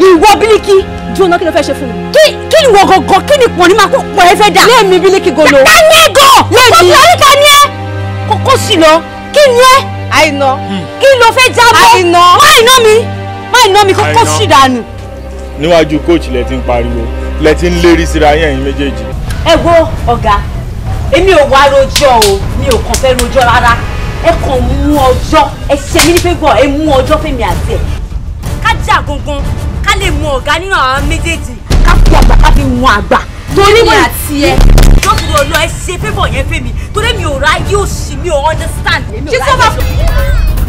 ìwọ bílíkì jóná kí ló fẹ́ ṣe fún mi. kí kí ni wọ́n gangan kí ni pọ̀nì máa kó pọ̀ ẹ fẹ́ dà. lẹ́ẹ̀mí bílíkì golo. ẹ ní ẹgọ lẹ́ẹ̀mí kókó àríkà ni ẹ kókó sì lọ kí ni ẹ. àìná hmm. kí ló fẹ́ jábọ́ àìná má iná mi má iná mi kókó sì dànù. níwájú kóòtù lẹ ti ń pariwo lẹ ti ń lérí síra yẹn ẹ̀yin méjèèjì. ẹ wo ọ̀gá èmi ò wá rojọ́ o mi ò kàn fẹ́ rojọ́ rárá ẹ kàn mú ọjọ́ ẹ ṣe mí ní pé gbọ́ ẹ mú ọjọ́ fẹ́mi àti ẹ̀ ká jà gangan lè mọ ọ̀gá nínú àwọn méjèèjì ká fi àgbà ká fi mọ àgbà torí mi àti ẹ lọ́sùn lọ ẹ ṣe fífọ̀ yẹn fẹ́ mi torí mi ò ráyè òṣì mi ò understand. jísọ́ máa fi.